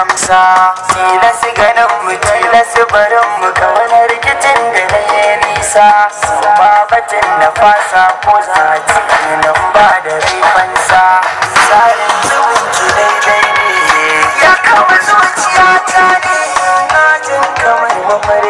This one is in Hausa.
amsa Sila su ganin mu talla su barin mu ga rikicin da na yi nisa Su babatin na fasa ko zaci nan ba da rifansa fansa Tsarin zubin ki daidai ne Ya kama zuciya ta ne Na jin kamar mamari